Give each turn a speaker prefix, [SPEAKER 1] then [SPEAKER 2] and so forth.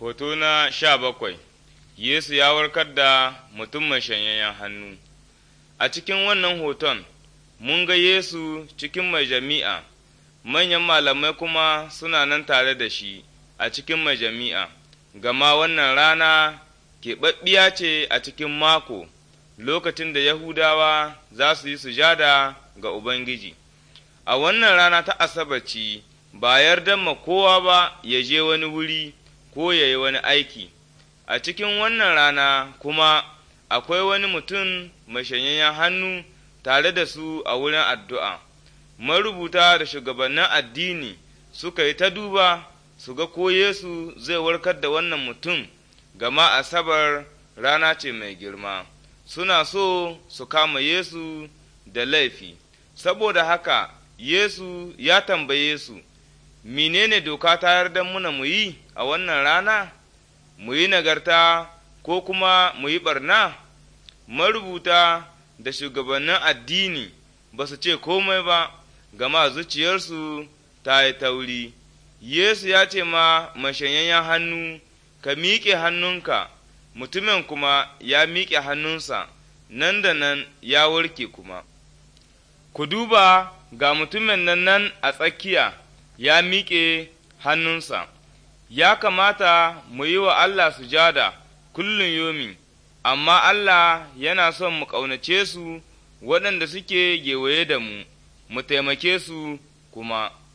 [SPEAKER 1] Hoto na sha bakwai Yesu ya warkar da mutum mai shanyayyen hannu A cikin wannan hoton, mun ga Yesu cikin mai jami'a, manyan malamai kuma suna nan tare da shi a cikin mai jami'a, gama wannan rana keɓaɓɓiya ce a cikin mako, lokacin da Yahudawa za su yi sujada ga Ubangiji. A wannan rana ta Asabaci, ba yarda ma kowa ba ya je wani wuri. ko ya yi wani aiki a cikin wannan rana kuma akwai wani mutum mai hannu tare da su a wurin addu'a marubuta da shugabannin addini suka yi ta duba su ga ko Yesu zai warkar da wannan mutum gama asabar rana ce mai girma suna so su kama Yesu da laifi saboda haka Yesu ya tambaye su menene doka ta yarda muna mu yi a wannan rana mu yi nagarta ko kuma mu yi ɓarna marubuta da shugabannin addini ba su ce komai ba gama zuciyarsu ta yi tauri yesu ya ce ma mashanyayyen hannu ka miƙe hannunka mutumin kuma ya miƙe hannunsa nan da nan ya warke kuma ku duba ga mutumin nan nan a tsakiya ya miƙe hannunsa ya kamata mu yi wa Allah sujada kullum yomi, amma Allah yana son mu ƙaunace su waɗanda suke gewaye da mu, mu taimake su kuma.